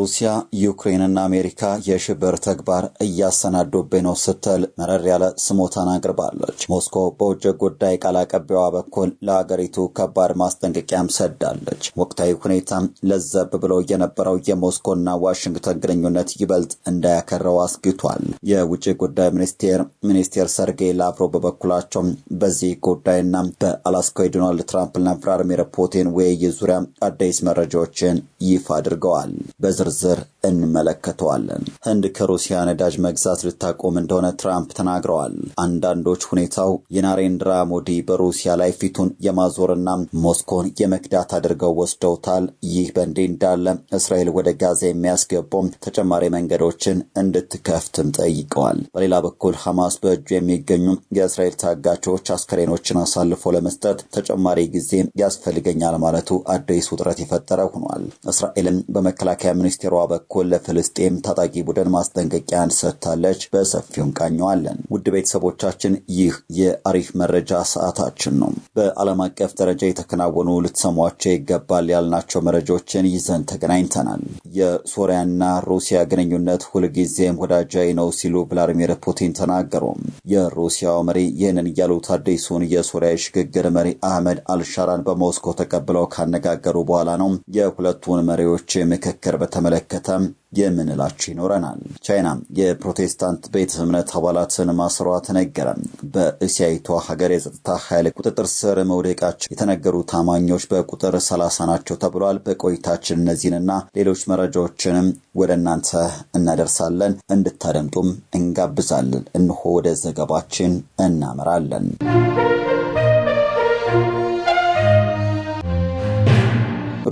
ሩሲያ ዩክሬንና አሜሪካ የሽብር ተግባር እያሰናዱብኝ ነው ስትል መረር ያለ ስሞታን አቅርባለች። ሞስኮ በውጭ ጉዳይ ቃል አቀባይዋ በኩል ለአገሪቱ ከባድ ማስጠንቀቂያም ሰዳለች። ወቅታዊ ሁኔታም ለዘብ ብሎ የነበረው የሞስኮና ዋሽንግተን ግንኙነት ይበልጥ እንዳያከረው አስግቷል። የውጭ ጉዳይ ሚኒስቴር ሚኒስቴር ሰርጌይ ላቭሮቭ በበኩላቸው በዚህ ጉዳይና በአላስካ ዶናልድ ትራምፕና ቭላድሚር ፑቲን ውይይት ዙሪያ አዳዲስ መረጃዎችን ይፋ አድርገዋል። በዝርዝር እንመለከተዋለን። ህንድ ከሩሲያ ነዳጅ መግዛት ልታቆም እንደሆነ ትራምፕ ተናግረዋል። አንዳንዶች ሁኔታው የናሬንድራ ሞዲ በሩሲያ ላይ ፊቱን የማዞርና ሞስኮን የመክዳት አድርገው ወስደውታል። ይህ በእንዲህ እንዳለ እስራኤል ወደ ጋዛ የሚያስገቡም ተጨማሪ መንገዶችን እንድትከፍትም ጠይቀዋል። በሌላ በኩል ሐማስ በእጁ የሚገኙ የእስራኤል ታጋቾች አስከሬኖችን አሳልፎ ለመስጠት ተጨማሪ ጊዜ ያስፈልገኛል ማለቱ አዲስ ውጥረት የፈጠረ ሆኗል። እስራኤልም በመከላከያ ሚኒስ ሚኒስቴሯ በኩል ለፍልስጤም ታጣቂ ቡድን ማስጠንቀቂያን ሰጥታለች። በሰፊው እንቃኘዋለን። ውድ ቤተሰቦቻችን ይህ የአሪፍ መረጃ ሰዓታችን ነው። በዓለም አቀፍ ደረጃ የተከናወኑ ልትሰሟቸው ይገባል ያልናቸው መረጃዎችን ይዘን ተገናኝተናል። የሶሪያና ሩሲያ ግንኙነት ሁልጊዜም ወዳጃዊ ነው ሲሉ ቭላዲሚር ፑቲን ተናገሩ። የሩሲያው መሪ ይህንን ያሉት አዲሱን የሶሪያ የሽግግር መሪ አህመድ አልሻራን በሞስኮ ተቀብለው ካነጋገሩ በኋላ ነው። የሁለቱን መሪዎች ምክክር በተመ በተመለከተም የምንላችሁ ይኖረናል። ቻይና የፕሮቴስታንት ቤተ እምነት አባላትን ማስሯ ተነገረ። በእስያዊቷ ሀገር የጸጥታ ኃይል ቁጥጥር ስር መውደቃቸው የተነገሩ ታማኞች በቁጥር ሰላሳ ናቸው ተብሏል። በቆይታችን እነዚህንና ሌሎች መረጃዎችንም ወደ እናንተ እናደርሳለን። እንድታደምጡም እንጋብዛለን። እንሆ ወደ ዘገባችን እናመራለን።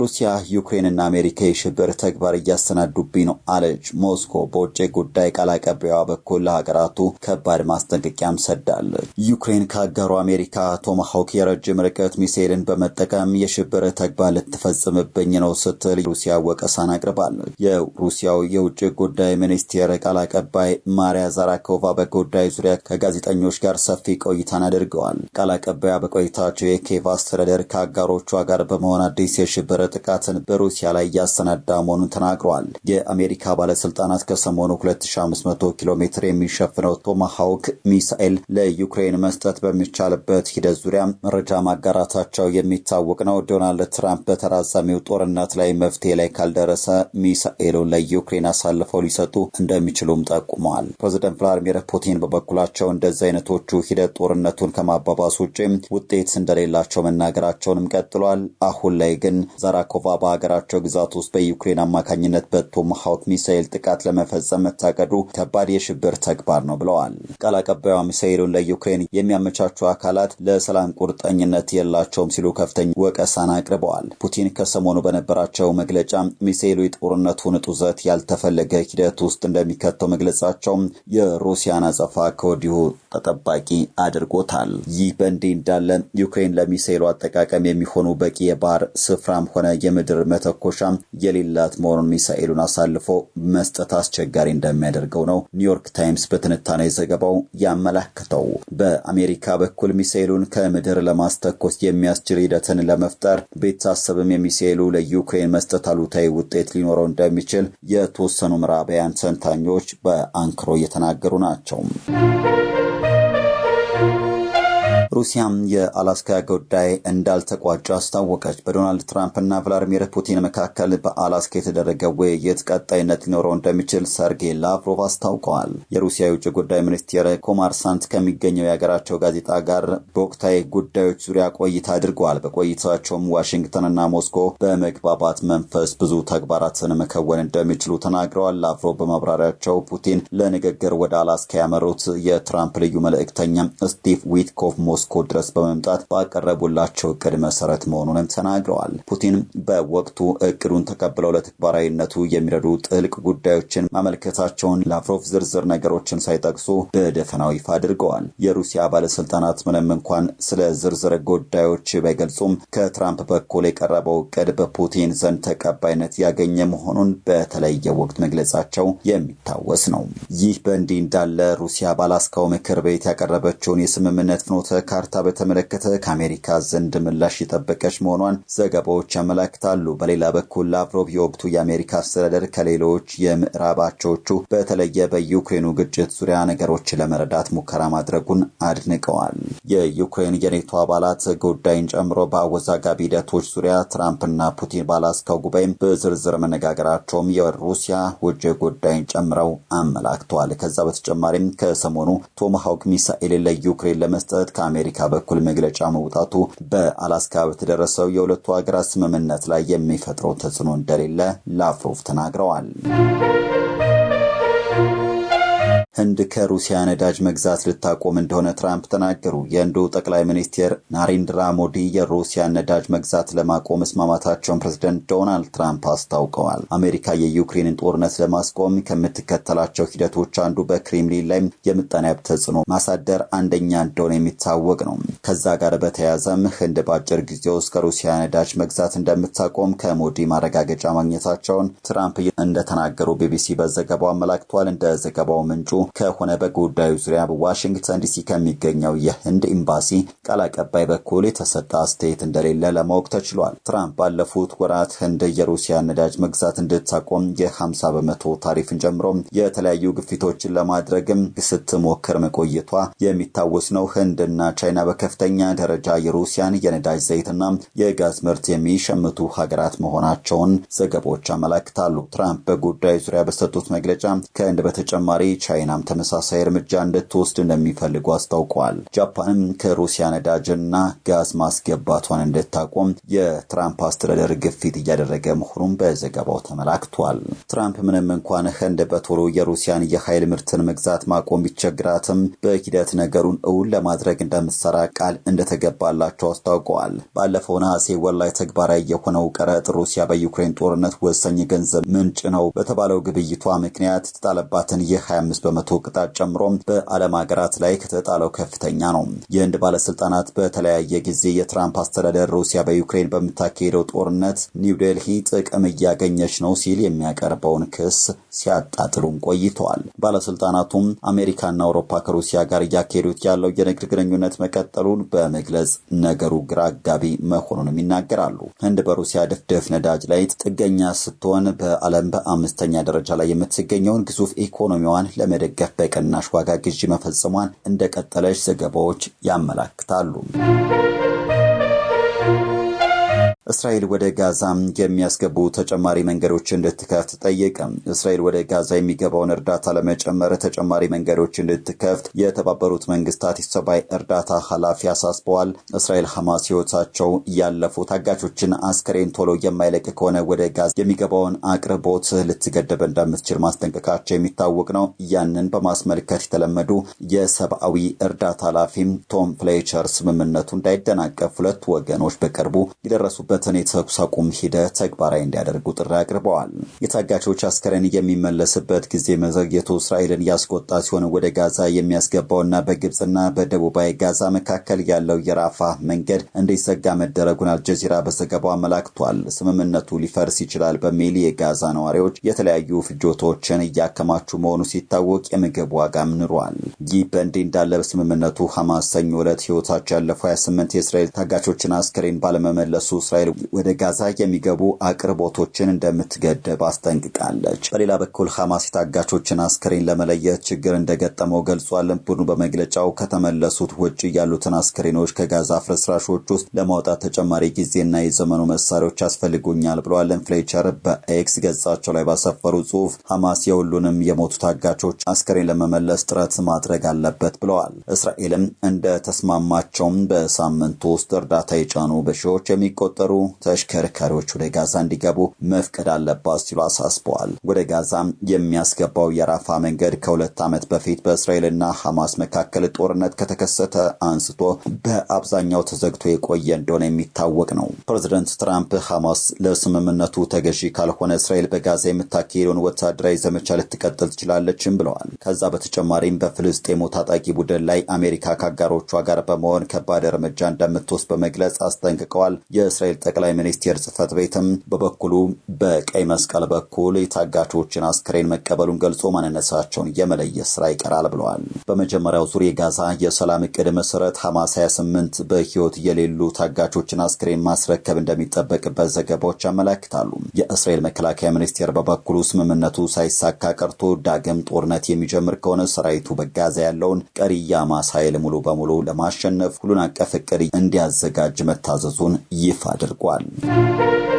ሩሲያ ዩክሬንና አሜሪካ የሽብር ተግባር እያሰናዱብኝ ነው አለች ሞስኮ። በውጭ ጉዳይ ቃል አቀባይዋ በኩል ለሀገራቱ ከባድ ማስጠንቀቂያም ሰዳለች። ዩክሬን ከአጋሩ አሜሪካ ቶማሃውክ የረጅም ርቀት ሚሳኤልን በመጠቀም የሽብር ተግባር ልትፈጽምብኝ ነው ስትል ሩሲያ ወቀሳን አቅርባለች። የሩሲያው የውጭ ጉዳይ ሚኒስቴር ቃል አቀባይ ማሪያ ዛራኮቫ በጉዳይ ዙሪያ ከጋዜጠኞች ጋር ሰፊ ቆይታን አድርገዋል። ቃል አቀባይዋ በቆይታቸው የኬቫ አስተዳደር ከአጋሮቿ ጋር በመሆን አዲስ የሽብር ጥቃትን በሩሲያ ላይ እያሰናዳ መሆኑን ተናግረዋል። የአሜሪካ ባለስልጣናት ከሰሞኑ 2500 ኪሎ ሜትር የሚሸፍነው ቶማሃውክ ሚሳኤል ለዩክሬን መስጠት በሚቻልበት ሂደት ዙሪያ መረጃ ማጋራታቸው የሚታወቅ ነው። ዶናልድ ትራምፕ በተራዛሚው ጦርነት ላይ መፍትሄ ላይ ካልደረሰ ሚሳኤሉን ለዩክሬን አሳልፈው ሊሰጡ እንደሚችሉም ጠቁመዋል። ፕሬዚደንት ቭላዲሚር ፑቲን በበኩላቸው እንደዚህ አይነቶቹ ሂደት ጦርነቱን ከማባባስ ውጪ ውጤት እንደሌላቸው መናገራቸውንም ቀጥሏል። አሁን ላይ ግን ዘራ ራኮቫ በሀገራቸው ግዛት ውስጥ በዩክሬን አማካኝነት በቶማሃውክ ሚሳኤል ጥቃት ለመፈጸም መታቀዱ ከባድ የሽብር ተግባር ነው ብለዋል። ቃል አቀባዩ ሚሳኤሉን ለዩክሬን የሚያመቻቹ አካላት ለሰላም ቁርጠኝነት የላቸውም ሲሉ ከፍተኛ ወቀሳን አቅርበዋል። ፑቲን ከሰሞኑ በነበራቸው መግለጫ ሚሳኤሉ የጦርነቱን ጡዘት ያልተፈለገ ሂደት ውስጥ እንደሚከተው መግለጻቸውም የሩሲያን አጸፋ ከወዲሁ ተጠባቂ አድርጎታል። ይህ በእንዲህ እንዳለ ዩክሬን ለሚሳኤሉ አጠቃቀም የሚሆኑ በቂ የባህር ስፍራም ሆነ የምድር መተኮሻ የሌላት መሆኑን ሚሳኤሉን አሳልፎ መስጠት አስቸጋሪ እንደሚያደርገው ነው ኒውዮርክ ታይምስ በትንታኔ ዘገባው ያመላክተው። በአሜሪካ በኩል ሚሳኤሉን ከምድር ለማስተኮስ የሚያስችል ሂደትን ለመፍጠር ቤተሰብም የሚሳኤሉ ለዩክሬን መስጠት አሉታዊ ውጤት ሊኖረው እንደሚችል የተወሰኑ ምዕራባውያን ተንታኞች በአንክሮ እየተናገሩ ናቸው። ሩሲያም የአላስካ ጉዳይ እንዳልተቋጨ አስታወቀች። በዶናልድ ትራምፕና ቭላዲሚር ፑቲን መካከል በአላስካ የተደረገ ውይይት ቀጣይነት ሊኖረው እንደሚችል ሰርጌይ ላቭሮቭ አስታውቀዋል። የሩሲያ የውጭ ጉዳይ ሚኒስቴር ኮማርሳንት ከሚገኘው የሀገራቸው ጋዜጣ ጋር በወቅታዊ ጉዳዮች ዙሪያ ቆይታ አድርገዋል። በቆይታቸውም ዋሽንግተንና ሞስኮ በመግባባት መንፈስ ብዙ ተግባራትን መከወን እንደሚችሉ ተናግረዋል። ላቭሮቭ በማብራሪያቸው ፑቲን ለንግግር ወደ አላስካ ያመሩት የትራምፕ ልዩ መልእክተኛ ስቲቭ ዊትኮፍ ሞስኮ ድረስ በመምጣት ባቀረቡላቸው እቅድ መሰረት መሆኑንም ተናግረዋል። ፑቲን በወቅቱ እቅዱን ተቀብለው ለተግባራዊነቱ የሚረዱ ጥልቅ ጉዳዮችን ማመልከታቸውን ላቭሮቭ ዝርዝር ነገሮችን ሳይጠቅሱ በደፈናው ይፋ አድርገዋል። የሩሲያ ባለስልጣናት ምንም እንኳን ስለ ዝርዝር ጉዳዮች ባይገልጹም ከትራምፕ በኩል የቀረበው እቅድ በፑቲን ዘንድ ተቀባይነት ያገኘ መሆኑን በተለየ ወቅት መግለጻቸው የሚታወስ ነው። ይህ በእንዲህ እንዳለ ሩሲያ ባላስካው ምክር ቤት ያቀረበችውን የስምምነት ፍኖተ ካርታ በተመለከተ ከአሜሪካ ዘንድ ምላሽ የጠበቀች መሆኗን ዘገባዎች ያመላክታሉ። በሌላ በኩል ላቭሮቭ የወቅቱ የአሜሪካ አስተዳደር ከሌሎች የምዕራብ አቻዎቹ በተለየ በዩክሬኑ ግጭት ዙሪያ ነገሮች ለመረዳት ሙከራ ማድረጉን አድንቀዋል። የዩክሬን የኔቶ አባላት ጉዳይን ጨምሮ በአወዛጋቢ ሂደቶች ዙሪያ ትራምፕና ፑቲን ባላስካው ጉባኤም በዝርዝር መነጋገራቸውም የሩሲያ ውጭ ጉዳይን ጨምረው አመላክተዋል። ከዛ በተጨማሪም ከሰሞኑ ቶማሃውክ ሚሳኤልን ለዩክሬን ለመስጠት ከአሜ በአሜሪካ በኩል መግለጫ መውጣቱ በአላስካ በተደረሰው የሁለቱ ሀገራት ስምምነት ላይ የሚፈጥረው ተጽዕኖ እንደሌለ ላፍሮቭ ተናግረዋል። ህንድ ከሩሲያ ነዳጅ መግዛት ልታቆም እንደሆነ ትራምፕ ተናገሩ። የህንዱ ጠቅላይ ሚኒስትር ናሬንድራ ሞዲ የሩሲያን ነዳጅ መግዛት ለማቆም መስማማታቸውን ፕሬዚደንት ዶናልድ ትራምፕ አስታውቀዋል። አሜሪካ የዩክሬንን ጦርነት ለማስቆም ከምትከተላቸው ሂደቶች አንዱ በክሬምሊን ላይ የምጣኔ ሀብት ተጽዕኖ ማሳደር አንደኛ እንደሆነ የሚታወቅ ነው። ከዛ ጋር በተያያዘም ህንድ በአጭር ጊዜ ውስጥ ከሩሲያ ነዳጅ መግዛት እንደምታቆም ከሞዲ ማረጋገጫ ማግኘታቸውን ትራምፕ እንደተናገሩ ቢቢሲ በዘገባው አመላክቷል። እንደ ዘገባው ምንጩ ከሆነ በጉዳዩ ዙሪያ በዋሽንግተን ዲሲ ከሚገኘው የህንድ ኤምባሲ ቃል አቀባይ በኩል የተሰጠ አስተያየት እንደሌለ ለማወቅ ተችሏል። ትራምፕ ባለፉት ወራት ህንድ የሩሲያ ነዳጅ መግዛት እንድታቆም የ50 በመቶ ታሪፍን ጨምሮ የተለያዩ ግፊቶችን ለማድረግም ስትሞክር መቆየቷ የሚታወስ ነው። ህንድና ቻይና በከፍተኛ ደረጃ የሩሲያን የነዳጅ ዘይትና የጋዝ ምርት የሚሸምቱ ሀገራት መሆናቸውን ዘገቦች አመላክታሉ። ትራምፕ በጉዳዩ ዙሪያ በሰጡት መግለጫ ከህንድ በተጨማሪ ቻይና ቻይናም ተመሳሳይ እርምጃ እንድትወስድ እንደሚፈልጉ አስታውቋል። ጃፓንም ከሩሲያ ነዳጅና ጋዝ ማስገባቷን እንድታቆም የትራምፕ አስተዳደር ግፊት እያደረገ መሆኑን በዘገባው ተመላክቷል። ትራምፕ ምንም እንኳን ህንድ በቶሎ የሩሲያን የኃይል ምርትን መግዛት ማቆም ቢቸግራትም በሂደት ነገሩን እውን ለማድረግ እንደምትሰራ ቃል እንደተገባላቸው አስታውቀዋል። ባለፈው ነሐሴ ወር ላይ ተግባራዊ የሆነው ቀረጥ ሩሲያ በዩክሬን ጦርነት ወሳኝ የገንዘብ ምንጭ ነው በተባለው ግብይቷ ምክንያት የተጣለባትን የ25 በመቶ ከመቶ ቅጣት ጨምሮ በዓለም ሀገራት ላይ ከተጣለው ከፍተኛ ነው። የህንድ ባለስልጣናት በተለያየ ጊዜ የትራምፕ አስተዳደር ሩሲያ በዩክሬን በምታካሄደው ጦርነት ኒውዴልሂ ጥቅም እያገኘች ነው ሲል የሚያቀርበውን ክስ ሲያጣጥሉም ቆይተዋል። ባለስልጣናቱም አሜሪካና አውሮፓ ከሩሲያ ጋር እያካሄዱት ያለው የንግድ ግንኙነት መቀጠሉን በመግለጽ ነገሩ ግራ አጋቢ መሆኑንም ይናገራሉ። ህንድ በሩሲያ ድፍድፍ ነዳጅ ላይ ጥገኛ ስትሆን በዓለም በአምስተኛ ደረጃ ላይ የምትገኘውን ግዙፍ ኢኮኖሚዋን ለመደገ በሚገባ የቀናሽ ዋጋ ግዢ መፈጸሟን እንደቀጠለች ዘገባዎች ያመላክታሉ። እስራኤል ወደ ጋዛ የሚያስገቡ ተጨማሪ መንገዶች እንድትከፍት ጠየቀ። እስራኤል ወደ ጋዛ የሚገባውን እርዳታ ለመጨመር ተጨማሪ መንገዶች እንድትከፍት የተባበሩት መንግስታት የሰብአዊ እርዳታ ኃላፊ አሳስበዋል። እስራኤል ሐማስ ሕይወታቸው ያለፉ ታጋቾችን አስከሬን ቶሎ የማይለቅ ከሆነ ወደ ጋዛ የሚገባውን አቅርቦት ልትገደብ እንደምትችል ማስጠንቀቃቸው የሚታወቅ ነው። ያንን በማስመልከት የተለመዱ የሰብአዊ እርዳታ ኃላፊም ቶም ፍሌቸር ስምምነቱ እንዳይደናቀፍ ሁለቱ ወገኖች በቅርቡ የደረሱበት ያለበትን የተኩስ አቁም ሂደት ተግባራዊ እንዲያደርጉ ጥሪ አቅርበዋል። የታጋቾች አስከሬን የሚመለስበት ጊዜ መዘግየቱ እስራኤልን ያስቆጣ ሲሆን ወደ ጋዛ የሚያስገባውና በግብፅና በደቡባዊ ጋዛ መካከል ያለው የራፋ መንገድ እንዲዘጋ መደረጉን አልጀዚራ በዘገባው አመላክቷል። ስምምነቱ ሊፈርስ ይችላል በሚል የጋዛ ነዋሪዎች የተለያዩ ፍጆታዎችን እያከማቹ መሆኑ ሲታወቅ የምግብ ዋጋም ንሯል። ይህ በእንዲህ እንዳለ በስምምነቱ ሐማስ ሰኞ ዕለት ሕይወታቸው ያለፈው 28 የእስራኤል ታጋቾችን አስከሬን ባለመመለሱ እስራኤል ወደ ጋዛ የሚገቡ አቅርቦቶችን እንደምትገድብ አስጠንቅቃለች። በሌላ በኩል ሐማስ የታጋቾችን አስክሬን ለመለየት ችግር እንደገጠመው ገልጿል። ቡድኑ በመግለጫው ከተመለሱት ውጭ ያሉትን አስክሬኖች ከጋዛ ፍርስራሾች ውስጥ ለማውጣት ተጨማሪ ጊዜና የዘመኑ መሳሪያዎች ያስፈልጉኛል ብለዋል። ፍሌቸር በኤክስ ገጻቸው ላይ ባሰፈሩ ጽሑፍ ሐማስ የሁሉንም የሞቱ ታጋቾች አስክሬን ለመመለስ ጥረት ማድረግ አለበት ብለዋል። እስራኤልም እንደ ተስማማቸውም በሳምንቱ ውስጥ እርዳታ የጫኑ በሺዎች የሚቆጠሩ ተሽከርካሪዎች ወደ ጋዛ እንዲገቡ መፍቀድ አለባት ሲሉ አሳስበዋል። ወደ ጋዛ የሚያስገባው የራፋ መንገድ ከሁለት ዓመት በፊት በእስራኤልና ሐማስ መካከል ጦርነት ከተከሰተ አንስቶ በአብዛኛው ተዘግቶ የቆየ እንደሆነ የሚታወቅ ነው። ፕሬዚደንት ትራምፕ ሐማስ ለስምምነቱ ተገዢ ካልሆነ እስራኤል በጋዛ የምታካሄደውን ወታደራዊ ዘመቻ ልትቀጥል ትችላለችም ብለዋል። ከዛ በተጨማሪም በፍልስጤሙ ታጣቂ ቡድን ላይ አሜሪካ ከአጋሮቿ ጋር በመሆን ከባድ እርምጃ እንደምትወስድ በመግለጽ አስጠንቅቀዋል። የእስራኤል ጠቅላይ ሚኒስቴር ጽህፈት ቤትም በበኩሉ በቀይ መስቀል በኩል የታጋቾችን አስክሬን መቀበሉን ገልጾ ማንነታቸውን የመለየት ስራ ይቀራል ብለዋል። በመጀመሪያው ዙር የጋዛ የሰላም እቅድ መሰረት ሐማስ 28 በህይወት የሌሉ ታጋቾችን አስክሬን ማስረከብ እንደሚጠበቅበት ዘገባዎች ያመላክታሉ። የእስራኤል መከላከያ ሚኒስቴር በበኩሉ ስምምነቱ ሳይሳካ ቀርቶ ዳግም ጦርነት የሚጀምር ከሆነ ሰራዊቱ በጋዛ ያለውን ቀሪ የሐማስ ኃይል ሙሉ በሙሉ ለማሸነፍ ሁሉን አቀፍ እቅድ እንዲያዘጋጅ መታዘዙን ይፋ አድርጓል። አድርጓል።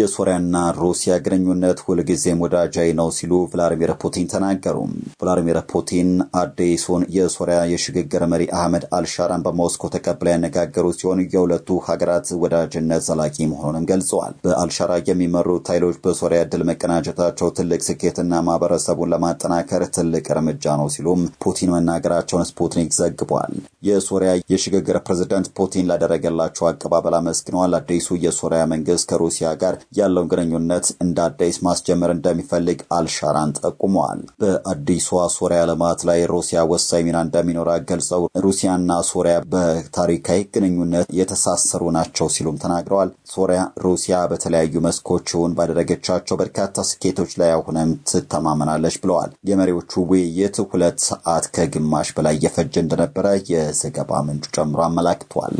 የሶሪያና ሩሲያ ግንኙነት ሁልጊዜም ወዳጃዊ ነው ሲሉ ቭላዲሚር ፑቲን ተናገሩ። ቭላዲሚር ፑቲን አዲሱን የሶሪያ የሽግግር መሪ አህመድ አልሻራን በሞስኮ ተቀብለው ያነጋገሩ ሲሆን የሁለቱ ሀገራት ወዳጅነት ዘላቂ መሆኑንም ገልጸዋል። በአልሻራ የሚመሩት ኃይሎች በሶሪያ ድል መቀናጀታቸው ትልቅ ስኬትና ማህበረሰቡን ለማጠናከር ትልቅ እርምጃ ነው ሲሉም ፑቲን መናገራቸውን ስፑትኒክ ዘግቧል። የሶሪያ የሽግግር ፕሬዝዳንት ፑቲን ላደረገላቸው አቀባበል አመስግነዋል። አዲሱ የሶሪያ መንግስት ከሩሲያ ጋር ያለውን ግንኙነት እንደ አዲስ ማስጀመር እንደሚፈልግ አልሻራን ጠቁመዋል። በአዲሷ ሶሪያ ልማት ላይ ሩሲያ ወሳኝ ሚና እንደሚኖራት ገልጸው ሩሲያና ሶሪያ በታሪካዊ ግንኙነት የተሳሰሩ ናቸው ሲሉም ተናግረዋል። ሶሪያ ሩሲያ በተለያዩ መስኮችውን ባደረገቻቸው በርካታ ስኬቶች ላይ አሁንም ትተማመናለች ብለዋል። የመሪዎቹ ውይይት ሁለት ሰዓት ከግማሽ በላይ የፈጀ እንደነበረ የዘገባ ምንጩ ጨምሮ አመላክቷል።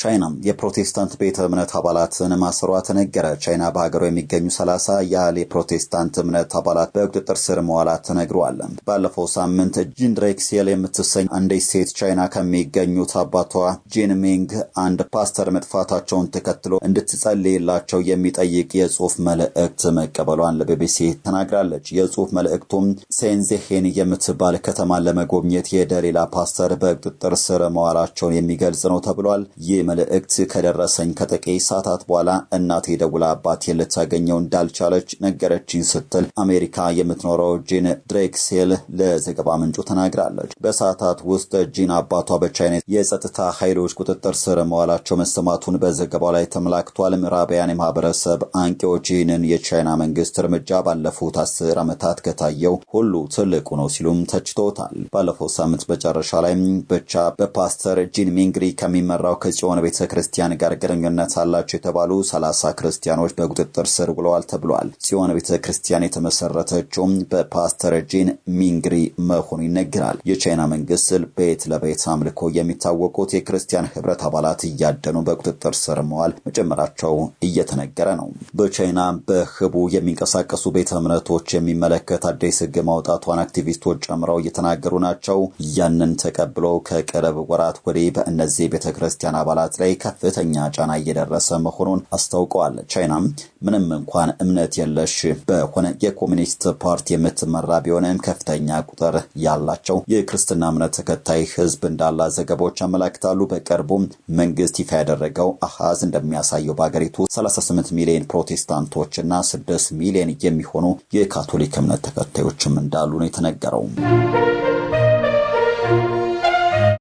ቻይና የፕሮቴስታንት ቤተ እምነት አባላትን ማሰሯ ተነገረ። ቻይና በሀገሯ የሚገኙ ሰላሳ ያህል የፕሮቴስታንት እምነት አባላት በቁጥጥር ስር መዋላ ተነግሯል። ባለፈው ሳምንት ጂን ድሬክሴል የምትሰኝ አንዲት ሴት ቻይና ከሚገኙት አባቷ ጂን ሚንግ አንድ ፓስተር መጥፋታቸውን ተከትሎ እንድትጸልይላቸው የሚጠይቅ የጽሁፍ መልእክት መቀበሏን ለቢቢሲ ተናግራለች። የጽሁፍ መልእክቱም ሴንዜሄን የምትባል ከተማን ለመጎብኘት የሄደ ሌላ ፓስተር በቁጥጥር ስር መዋላቸውን የሚገልጽ ነው ተብሏል። ይህ መልእክት ከደረሰኝ ከጥቂት ሰዓታት በኋላ እናቴ ደውላ አባቴን ልታገኘው እንዳልቻለች ነገረችኝ ስትል አሜሪካ የምትኖረው ጂን ድሬክሴል ለዘገባ ምንጩ ተናግራለች። በሰዓታት ውስጥ ጂን አባቷ በቻይና የጸጥታ ኃይሎች ቁጥጥር ስር መዋላቸው መሰማቱን በዘገባው ላይ ተመላክቷል። ምዕራባውያን የማህበረሰብ አንቂዎች ይህንን የቻይና መንግስት እርምጃ ባለፉት አስር ዓመታት ከታየው ሁሉ ትልቁ ነው ሲሉም ተችቶታል። ባለፈው ሳምንት መጨረሻ ላይ ብቻ በፓስተር ጂን ሚንግሪ ከሚመራው ከጽዮን ከሆነ ቤተ ክርስቲያን ጋር ግንኙነት አላቸው የተባሉ ሰላሳ ክርስቲያኖች በቁጥጥር ስር ውለዋል ተብሏል። ጽዮን ቤተ ክርስቲያን የተመሰረተችውም በፓስተር ጂን ሚንግሪ መሆኑ ይነግራል። የቻይና መንግስት ቤት ለቤት አምልኮ የሚታወቁት የክርስቲያን ህብረት አባላት እያደኑ በቁጥጥር ስር መዋል መጀመራቸው እየተነገረ ነው። በቻይና በህቡ የሚንቀሳቀሱ ቤተ እምነቶች የሚመለከት አዲስ ህግ ማውጣቷን አክቲቪስቶች ጨምረው እየተናገሩ ናቸው። ያንን ተቀብለው ከቅርብ ወራት ወዲህ በእነዚህ ቤተ ክርስቲያን አባላት አካላት ላይ ከፍተኛ ጫና እየደረሰ መሆኑን አስታውቀዋል። ቻይናም ምንም እንኳን እምነት የለሽ በሆነ የኮሚኒስት ፓርቲ የምትመራ ቢሆንም ከፍተኛ ቁጥር ያላቸው የክርስትና እምነት ተከታይ ህዝብ እንዳላ ዘገባዎች አመላክታሉ። በቅርቡም መንግስት ይፋ ያደረገው አሃዝ እንደሚያሳየው በአገሪቱ 38 ሚሊዮን ፕሮቴስታንቶች እና 6 ሚሊዮን የሚሆኑ የካቶሊክ እምነት ተከታዮችም እንዳሉ ነው የተነገረው።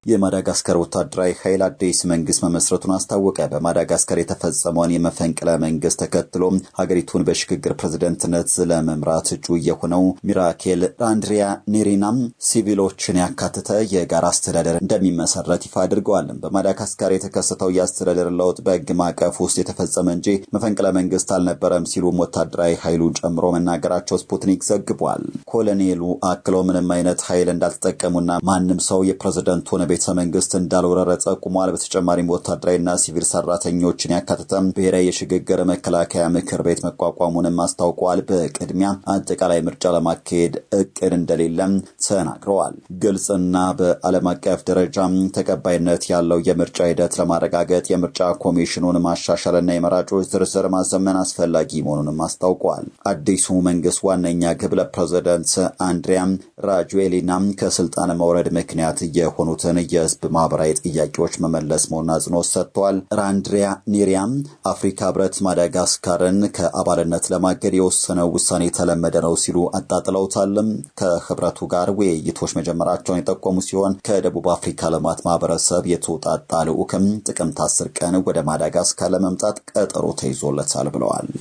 የማዳጋስከር ወታደራዊ ኃይል አዲስ መንግስት መመስረቱን አስታወቀ። በማዳጋስከር የተፈጸመውን የመፈንቅለ መንግስት ተከትሎ ሀገሪቱን በሽግግር ፕሬዝደንትነት ለመምራት እጩ የሆነው ሚራኬል ራንድሪያ ኔሪናም ሲቪሎችን ያካተተ የጋራ አስተዳደር እንደሚመሰረት ይፋ አድርገዋል። በማዳጋስከር የተከሰተው የአስተዳደር ለውጥ በህግ ማዕቀፍ ውስጥ የተፈጸመ እንጂ መፈንቅለ መንግስት አልነበረም ሲሉም ወታደራዊ ኃይሉን ጨምሮ መናገራቸው ስፑትኒክ ዘግቧል። ኮሎኔሉ አክለው ምንም አይነት ኃይል እንዳልተጠቀሙና ማንም ሰው የፕሬዝደንቱን ቤተ መንግስት እንዳልወረረ ጠቁሟል። በተጨማሪም ወታደራዊና ሲቪል ሰራተኞችን ያካተተ ብሔራዊ የሽግግር መከላከያ ምክር ቤት መቋቋሙንም አስታውቀዋል። በቅድሚያ አጠቃላይ ምርጫ ለማካሄድ እቅድ እንደሌለም ተናግረዋል። ግልጽና በዓለም አቀፍ ደረጃ ተቀባይነት ያለው የምርጫ ሂደት ለማረጋገጥ የምርጫ ኮሚሽኑን ማሻሻልና የመራጮች ዝርዝር ማዘመን አስፈላጊ መሆኑንም አስታውቋል። አዲሱ መንግስት ዋነኛ ግብ ለፕሬዚደንት አንድሪያ ራጁዌሊና ከስልጣን መውረድ ምክንያት የሆኑትን የህዝብ ማህበራዊ ጥያቄዎች መመለስ መሆኑን አጽንኦት ሰጥቷል። ራንድሪያ ኒሪያም አፍሪካ ህብረት ማዳጋስካርን ከአባልነት ለማገድ የወሰነው ውሳኔ የተለመደ ነው ሲሉ አጣጥለውታል። ከህብረቱ ጋር ውይይቶች መጀመራቸውን የጠቆሙ ሲሆን ከደቡብ አፍሪካ ልማት ማህበረሰብ የተውጣጣ ልዑክም ጥቅምት አስር ቀን ወደ ማዳጋስካር ለመምጣት ቀጠሮ ተይዞለታል ብለዋል።